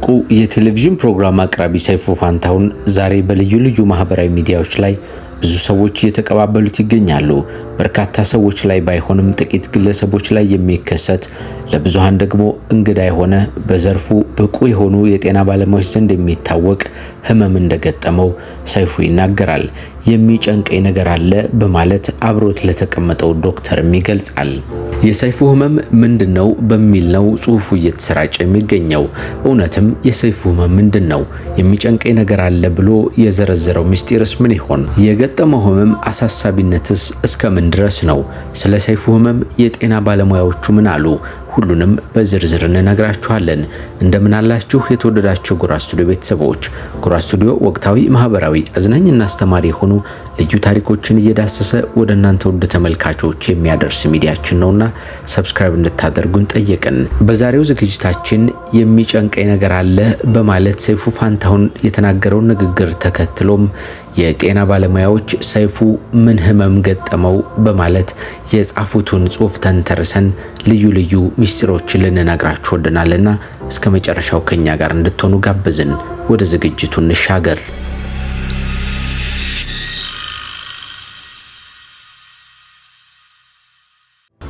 እውቁ የቴሌቪዥን ፕሮግራም አቅራቢ ሰይፉ ፋንታሁን ዛሬ በልዩ ልዩ ማህበራዊ ሚዲያዎች ላይ ብዙ ሰዎች እየተቀባበሉት ይገኛሉ። በርካታ ሰዎች ላይ ባይሆንም ጥቂት ግለሰቦች ላይ የሚከሰት ለብዙሃን ደግሞ እንግዳ የሆነ በዘርፉ ብቁ የሆኑ የጤና ባለሙያዎች ዘንድ የሚታወቅ ህመም እንደገጠመው ሰይፉ ይናገራል። የሚጨንቀኝ ነገር አለ በማለት አብሮት ለተቀመጠው ዶክተርም ይገልጻል። የሰይፉ ህመም ምንድን ነው በሚል ነው ጽሁፉ እየተሰራጨ የሚገኘው። እውነትም የሰይፉ ህመም ምንድን ነው? የሚጨንቀኝ ነገር አለ ብሎ የዘረዘረው ምስጢርስ ምን ይሆን? የገጠመው ህመም አሳሳቢነትስ እስከምን ድረስ ነው? ስለ ሰይፉ ህመም የጤና ባለሙያዎቹ ምን አሉ? ሁሉንም በዝርዝር እንነግራችኋለን። እንደምን አላችሁ የተወደዳችሁ ጎራ ስቱዲዮ ቤተሰቦች። ጎራ ስቱዲዮ ወቅታዊ፣ ማህበራዊ፣ አዝናኝና አስተማሪ የሆኑ ልዩ ታሪኮችን እየዳሰሰ ወደ እናንተ ውድ ተመልካቾች የሚያደርስ ሚዲያችን ነውና ሰብስክራይብ እንድታደርጉን ጠየቅን። በዛሬው ዝግጅታችን የሚጨንቀኝ ነገር አለ በማለት ሰይፉ ፋንታሁን የተናገረውን ንግግር ተከትሎም የጤና ባለሙያዎች ሰይፉ ምን ህመም ገጠመው በማለት የጻፉትን ጽሁፍ ተንተርሰን ልዩ ልዩ ሚስጢሮችን ልንነግራችሁ ወደናልና እስከ መጨረሻው ከኛ ጋር እንድትሆኑ ጋብዝን። ወደ ዝግጅቱ እንሻገር።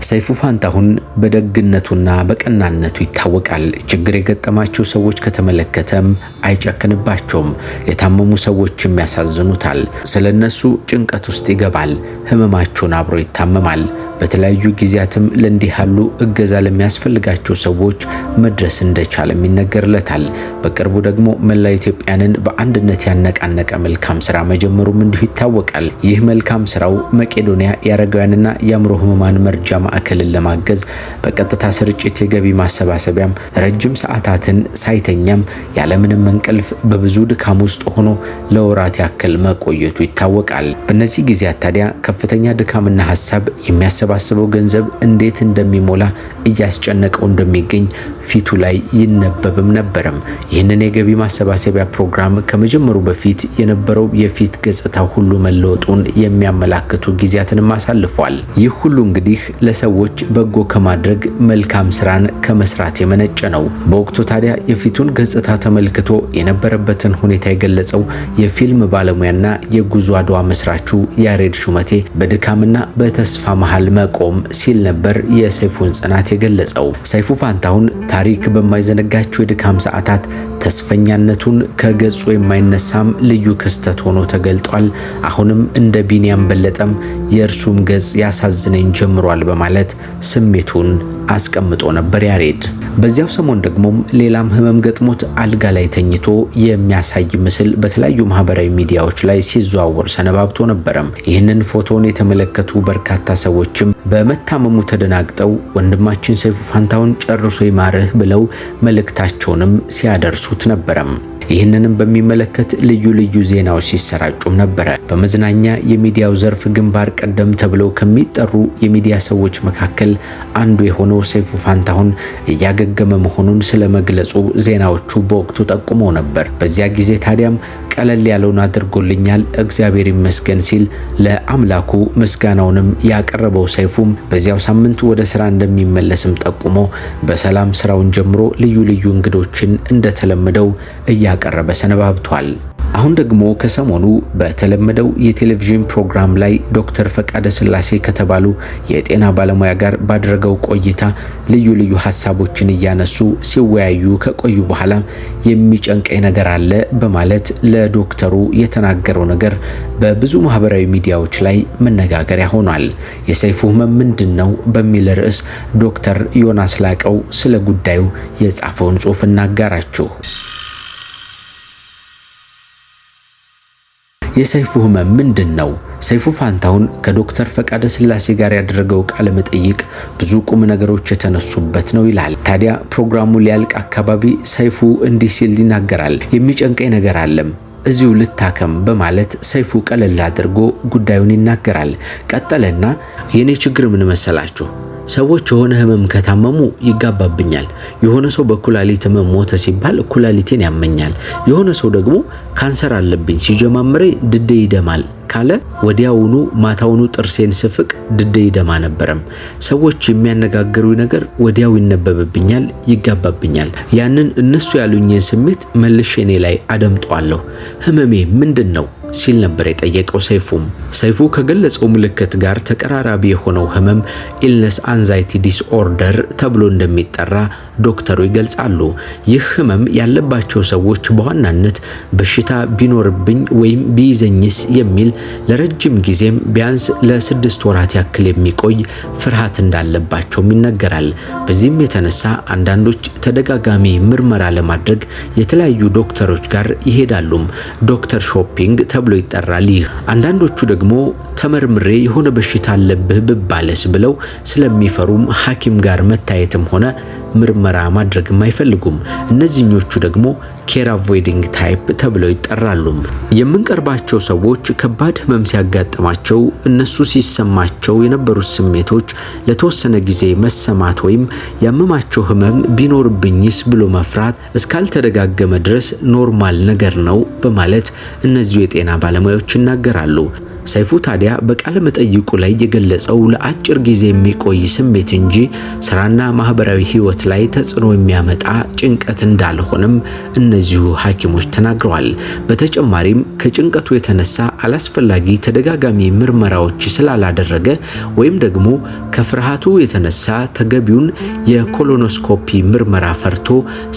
ሰይፉ ፋንታሁን በደግነቱና በቀናነቱ ይታወቃል። ችግር የገጠማቸው ሰዎች ከተመለከተም አይጨክንባቸውም። የታመሙ ሰዎችም ያሳዝኑታል። ስለ እነሱ ጭንቀት ውስጥ ይገባል። ህመማቸውን አብሮ ይታመማል። በተለያዩ ጊዜያትም ለእንዲህ ያሉ እገዛ ለሚያስፈልጋቸው ሰዎች መድረስ እንደቻለም ይነገርለታል። በቅርቡ ደግሞ መላ ኢትዮጵያንን በአንድነት ያነቃነቀ መልካም ስራ መጀመሩም እንዲሁ ይታወቃል። ይህ መልካም ስራው መቄዶንያ የአረጋውያንና የአእምሮ ህሙማን መርጃ ማዕከልን ለማገዝ በቀጥታ ስርጭት የገቢ ማሰባሰቢያም ረጅም ሰዓታትን ሳይተኛም ያለምንም እንቅልፍ በብዙ ድካም ውስጥ ሆኖ ለወራት ያክል መቆየቱ ይታወቃል። በእነዚህ ጊዜያት ታዲያ ከፍተኛ ድካምና ሀሳብ የሚያሰ የሚሰባሰበው ገንዘብ እንዴት እንደሚሞላ እያስጨነቀው እንደሚገኝ ፊቱ ላይ ይነበብም ነበርም። ይህንን የገቢ ማሰባሰቢያ ፕሮግራም ከመጀመሩ በፊት የነበረው የፊት ገጽታ ሁሉ መለወጡን የሚያመላክቱ ጊዜያትንም አሳልፏል። ይህ ሁሉ እንግዲህ ለሰዎች በጎ ከማድረግ መልካም ስራን ከመስራት የመነጨ ነው። በወቅቱ ታዲያ የፊቱን ገጽታ ተመልክቶ የነበረበትን ሁኔታ የገለጸው የፊልም ባለሙያና የጉዞ አድዋ መስራቹ ያሬድ ሹመቴ በድካምና በተስፋ መሃል መቆም ሲል ነበር የሰይፉን ጽናት የገለጸው ሰይፉ ፋንታሁን ታሪክ በማይዘነጋቸው የድካም ሰዓታት ተስፈኛነቱን ከገጹ የማይነሳም ልዩ ክስተት ሆኖ ተገልጧል። አሁንም እንደ ቢንያም በለጠም የእርሱም ገጽ ያሳዝነኝ ጀምሯል በማለት ስሜቱን አስቀምጦ ነበር ያሬድ። በዚያው ሰሞን ደግሞም ሌላም ህመም ገጥሞት አልጋ ላይ ተኝቶ የሚያሳይ ምስል በተለያዩ ማህበራዊ ሚዲያዎች ላይ ሲዘዋወር ሰነባብቶ ነበረም። ይህንን ፎቶን የተመለከቱ በርካታ ሰዎችም በመታመሙ ተደናግጠው ወንድማችን ሰይፉ ፋንታውን ጨርሶ ይማርህ ብለው መልእክታቸውንም ሲያደርሱ ሲያወሱት ነበረም። ይህንንም በሚመለከት ልዩ ልዩ ዜናዎች ሲሰራጩም ነበረ። በመዝናኛ የሚዲያው ዘርፍ ግንባር ቀደም ተብለው ከሚጠሩ የሚዲያ ሰዎች መካከል አንዱ የሆነው ሰይፉ ፋንታሁን እያገገመ መሆኑን ስለመግለጹ ዜናዎቹ በወቅቱ ጠቁመው ነበር። በዚያ ጊዜ ታዲያም ቀለል ያለውን አድርጎልኛል፣ እግዚአብሔር ይመስገን ሲል ለአምላኩ ምስጋናውንም ያቀረበው ሰይፉም በዚያው ሳምንት ወደ ስራ እንደሚመለስም ጠቁሞ በሰላም ስራውን ጀምሮ ልዩ ልዩ እንግዶችን እንደተለመደው እያቀረበ ሰነባብቷል። አሁን ደግሞ ከሰሞኑ በተለመደው የቴሌቪዥን ፕሮግራም ላይ ዶክተር ፈቃደ ስላሴ ከተባሉ የጤና ባለሙያ ጋር ባደረገው ቆይታ ልዩ ልዩ ሀሳቦችን እያነሱ ሲወያዩ ከቆዩ በኋላ የሚጨንቀኝ ነገር አለ በማለት ለዶክተሩ የተናገረው ነገር በብዙ ማህበራዊ ሚዲያዎች ላይ መነጋገሪያ ሆኗል። የሰይፉ ህመም ምንድን ነው በሚል ርዕስ ዶክተር ዮናስ ላቀው ስለ ጉዳዩ የጻፈውን ጽሑፍ እናጋራችሁ። የሰይፉ ህመም ምንድን ነው? ሰይፉ ፋንታውን ከዶክተር ፈቃደ ስላሴ ጋር ያደረገው ቃለ መጠይቅ ብዙ ቁም ነገሮች የተነሱበት ነው ይላል። ታዲያ ፕሮግራሙ ሊያልቅ አካባቢ ሰይፉ እንዲህ ሲል ይናገራል። የሚጨንቀኝ ነገር አለም እዚሁ ልታከም በማለት ሰይፉ ቀለል አድርጎ ጉዳዩን ይናገራል። ቀጠለና የእኔ ችግር ምን መሰላችሁ ሰዎች የሆነ ህመም ከታመሙ ይጋባብኛል። የሆነ ሰው በኩላሊት ህመም ሞተ ሲባል ኩላሊቴን ያመኛል። የሆነ ሰው ደግሞ ካንሰር አለብኝ ሲጀማምሬ ድዴ ይደማል ካለ ወዲያውኑ ማታውኑ ጥርሴን ስፍቅ ድዴ ይደማ ነበረም። ሰዎች የሚያነጋግሩኝ ነገር ወዲያው ይነበብብኛል፣ ይጋባብኛል። ያንን እነሱ ያሉኝን ስሜት መልሼ እኔ ላይ አደምጠዋለሁ። ህመሜ ምንድን ነው? ሲል ነበር የጠየቀው ሰይፉም። ሰይፉ ከገለጸው ምልክት ጋር ተቀራራቢ የሆነው ህመም ኢልነስ አንዛይቲ ዲስኦርደር ተብሎ እንደሚጠራ ዶክተሩ ይገልጻሉ። ይህ ህመም ያለባቸው ሰዎች በዋናነት በሽታ ቢኖርብኝ ወይም ቢይዘኝስ የሚል ለረጅም ጊዜም ቢያንስ ለስድስት ወራት ያክል የሚቆይ ፍርሃት እንዳለባቸውም ይነገራል። በዚህም የተነሳ አንዳንዶች ተደጋጋሚ ምርመራ ለማድረግ የተለያዩ ዶክተሮች ጋር ይሄዳሉም። ዶክተር ሾፒንግ ተብሎ ይጠራል። ይህ አንዳንዶቹ ደግሞ ተመርምሬ የሆነ በሽታ አለብህ ብባለስ ብለው ስለሚፈሩም ሐኪም ጋር መታየትም ሆነ ምርመራ ማድረግም አይፈልጉም። እነዚህኞቹ ደግሞ ኬር አቮይዲንግ ታይፕ ተብለው ይጠራሉ። የምንቀርባቸው ሰዎች ከባድ ህመም ሲያጋጥማቸው እነሱ ሲሰማቸው የነበሩት ስሜቶች ለተወሰነ ጊዜ መሰማት ወይም ያመማቸው ህመም ቢኖርብኝስ ብሎ መፍራት እስካልተደጋገመ ድረስ ኖርማል ነገር ነው በማለት እነዚሁ የጤና ባለሙያዎች ይናገራሉ። ሰይፉ ታዲያ በቃለ መጠይቁ ላይ የገለጸው ለአጭር ጊዜ የሚቆይ ስሜት እንጂ ስራና ማህበራዊ ህይወት ላይ ተጽዕኖ የሚያመጣ ጭንቀት እንዳልሆነም እነዚሁ ሐኪሞች ተናግረዋል። በተጨማሪም ከጭንቀቱ የተነሳ አላስፈላጊ ተደጋጋሚ ምርመራዎች ስላላደረገ ወይም ደግሞ ከፍርሃቱ የተነሳ ተገቢውን የኮሎኖስኮፒ ምርመራ ፈርቶ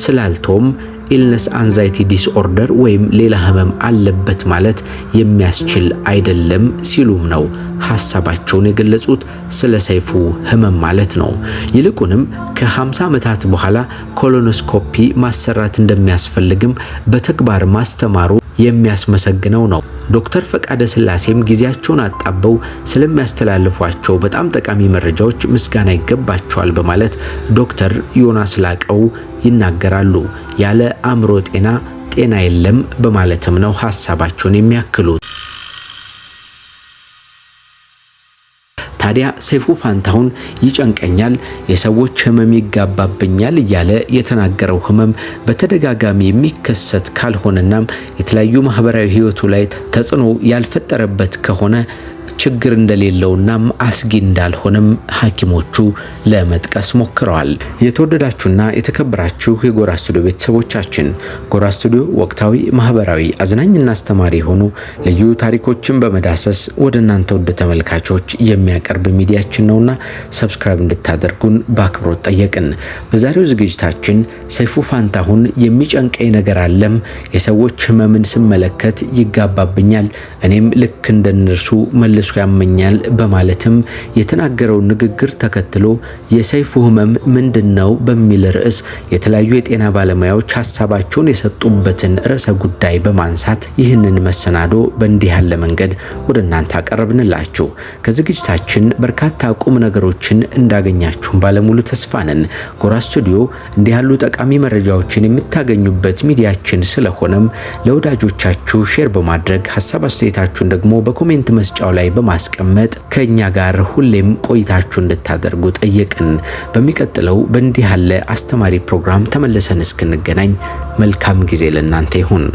ስላልቶም ኢልነስ አንዛይቲ ዲስኦርደር ወይም ሌላ ህመም አለበት ማለት የሚያስችል አይደለም ሲሉም ነው ሀሳባቸውን የገለጹት ስለ ሰይፉ ህመም ማለት ነው። ይልቁንም ከ50 ዓመታት በኋላ ኮሎኖስኮፒ ማሰራት እንደሚያስፈልግም በተግባር ማስተማሩ የሚያስመሰግነው ነው። ዶክተር ፈቃደ ስላሴም ጊዜያቸውን አጣበው ስለሚያስተላልፏቸው በጣም ጠቃሚ መረጃዎች ምስጋና ይገባቸዋል በማለት ዶክተር ዮናስ ላቀው ይናገራሉ። ያለ አእምሮ ጤና ጤና የለም በማለትም ነው ሀሳባቸውን የሚያክሉት። ታዲያ ሰይፉ ፋንታሁን ይጨንቀኛል፣ የሰዎች ህመም ይጋባብኛል እያለ የተናገረው ህመም በተደጋጋሚ የሚከሰት ካልሆነና የተለያዩ ማህበራዊ ህይወቱ ላይ ተጽዕኖ ያልፈጠረበት ከሆነ ችግር እንደሌለውናም አስጊ እንዳልሆነም ሐኪሞቹ ለመጥቀስ ሞክረዋል። የተወደዳችሁና የተከበራችሁ የጎራ ስቱዲዮ ቤተሰቦቻችን ጎራ ስቱዲዮ ወቅታዊ፣ ማህበራዊ፣ አዝናኝና አስተማሪ የሆኑ ልዩ ታሪኮችን በመዳሰስ ወደ እናንተ ወደ ተመልካቾች የሚያቀርብ ሚዲያችን ነውና ሰብስክራይብ እንድታደርጉን በአክብሮት ጠየቅን። በዛሬው ዝግጅታችን ሰይፉ ፋንታሁን የሚጨንቀኝ ነገር አለም የሰዎች ህመምን ስመለከት ይጋባብኛል እኔም ልክ እንደነርሱ መልሶ መመላለሱ ያመኛል በማለትም የተናገረውን ንግግር ተከትሎ የሰይፉ ህመም ምንድን ነው በሚል ርዕስ የተለያዩ የጤና ባለሙያዎች ሀሳባቸውን የሰጡበትን ርዕሰ ጉዳይ በማንሳት ይህንን መሰናዶ በእንዲህ ያለ መንገድ ወደ እናንተ አቀረብንላችሁ። ከዝግጅታችን በርካታ ቁም ነገሮችን እንዳገኛችሁን ባለሙሉ ተስፋ ነን። ጎራ ስቱዲዮ እንዲህ ያሉ ጠቃሚ መረጃዎችን የምታገኙበት ሚዲያችን ስለሆነም ለወዳጆቻችሁ ሼር በማድረግ ሀሳብ አስተያየታችሁን ደግሞ በኮሜንት መስጫው ላይ በማስቀመጥ ከእኛ ጋር ሁሌም ቆይታችሁ እንድታደርጉ ጠየቅን። በሚቀጥለው በእንዲህ ያለ አስተማሪ ፕሮግራም ተመልሰን እስክንገናኝ መልካም ጊዜ ለእናንተ ይሁን።